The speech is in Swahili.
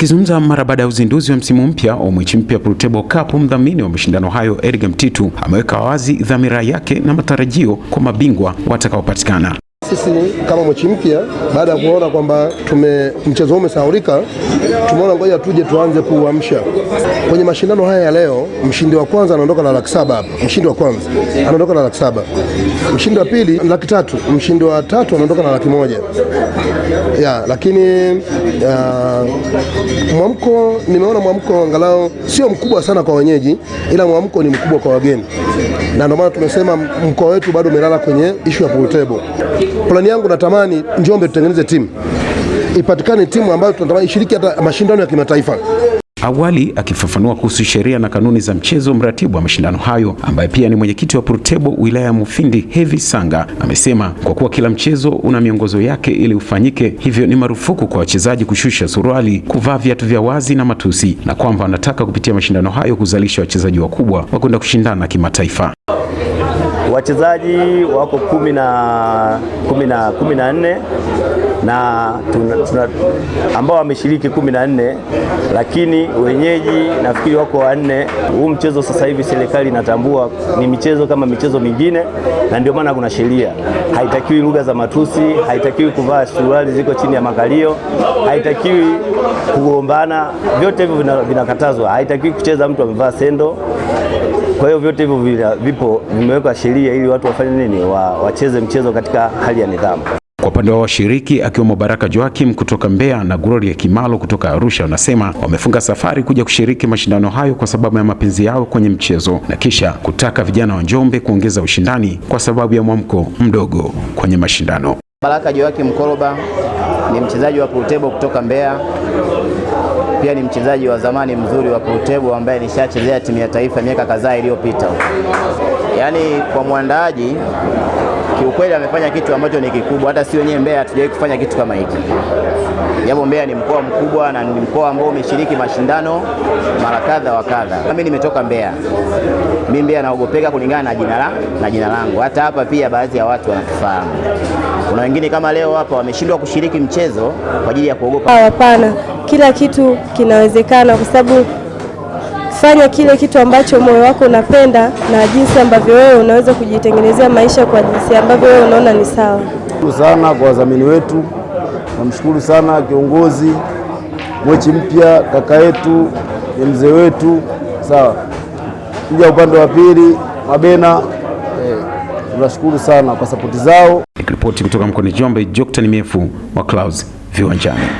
Akizungumza mara baada ya uzinduzi wa msimu mpya wa mechi Mpya Pooltable Cup, mdhamini wa mashindano hayo Edgar Mtitu ameweka wazi dhamira yake na matarajio kwa mabingwa watakaopatikana. Sisi kama mechi Mpya, baada ya kuona kwamba tume mchezo umesahaulika, tumeona ngoja tuje tuanze kuuamsha kwenye mashindano haya ya leo. Mshindi wa kwanza anaondoka na laki saba hapa, mshindi wa kwanza anaondoka na laki saba, mshindi wa pili laki tatu, mshindi wa tatu anaondoka na laki moja ya, lakini uh, mwamko nimeona mwamko angalau sio mkubwa sana kwa wenyeji, ila mwamko ni mkubwa kwa wageni, na ndio maana tumesema mkoa wetu bado umelala kwenye ishu ya pool table. Plani yangu natamani Njombe tutengeneze timu, ipatikane timu ambayo tunatamani ishiriki hata mashindano ya kimataifa. Awali akifafanua kuhusu sheria na kanuni za mchezo, mratibu wa mashindano hayo ambaye pia ni mwenyekiti wa Prutebo wilaya ya Mufindi, Hevi Sanga, amesema kwa kuwa kila mchezo una miongozo yake ili ufanyike, hivyo ni marufuku kwa wachezaji kushusha suruali, kuvaa viatu vya wazi na matusi, na kwamba anataka kupitia mashindano hayo kuzalisha wachezaji wakubwa wa kwenda kushindana kimataifa wachezaji wako kumi na kumi na kumi na nne na tuna, tuna, ambao wameshiriki kumi na nne lakini wenyeji nafikiri wako wanne. Huu mchezo sasa hivi serikali inatambua ni michezo kama michezo mingine, na ndio maana kuna sheria. Haitakiwi lugha za matusi, haitakiwi kuvaa suruali ziko chini ya makalio, haitakiwi kugombana, vyote hivyo vinakatazwa. Haitakiwi kucheza mtu amevaa sendo. Kwa hiyo vyote hivyo vipo, vimewekwa sheria sheria ili watu wafanye nini, wa, wacheze mchezo katika hali ya nidhamu. Kwa upande wa washiriki akiwemo Baraka Joakim kutoka Mbeya na Gloria Kimalo kutoka Arusha wanasema wamefunga safari kuja kushiriki mashindano hayo kwa sababu ya mapenzi yao kwenye mchezo na kisha kutaka vijana wa Njombe kuongeza ushindani kwa sababu ya mwamko mdogo kwenye mashindano. Baraka Joakim Koroba ni mchezaji wa pool table kutoka Mbeya pia ni mchezaji wa zamani mzuri wa Prutebo ambaye nishachezea timu ya taifa miaka kadhaa iliyopita. Yaani kwa mwandaaji kiukweli amefanya kitu ambacho ni kikubwa, hata si wenyewe Mbeya hatujawahi kufanya kitu kama hiki, japo Mbeya ni mkoa mkubwa na ni mkoa ambao umeshiriki mashindano mara kadha wa kadha. Mimi nimetoka Mbeya, mimi Mbeya naogopeka kulingana na jina na jina langu. Hata hapa pia baadhi ya watu wanatufahamu, kuna wengine kama leo hapa wameshindwa kushiriki mchezo kwa ajili ya kuogopa. Hapana, kila kitu kinawezekana kwa sababu fanya kile kitu ambacho moyo wako unapenda na jinsi ambavyo wewe unaweza kujitengenezea maisha kwa jinsi ambavyo wewe unaona ni sawa. Shukuru sana kwa wadhamini wetu, namshukuru sana kiongozi Mwechi mpya, kaka yetu, ni mzee wetu. Sawa, kija upande wa pili Mabena, eh, tunashukuru eh, sana kwa sapoti zao. Nikiripoti kutoka mkoani Njombe, Joctan Myefu wa Clouds viwanjani.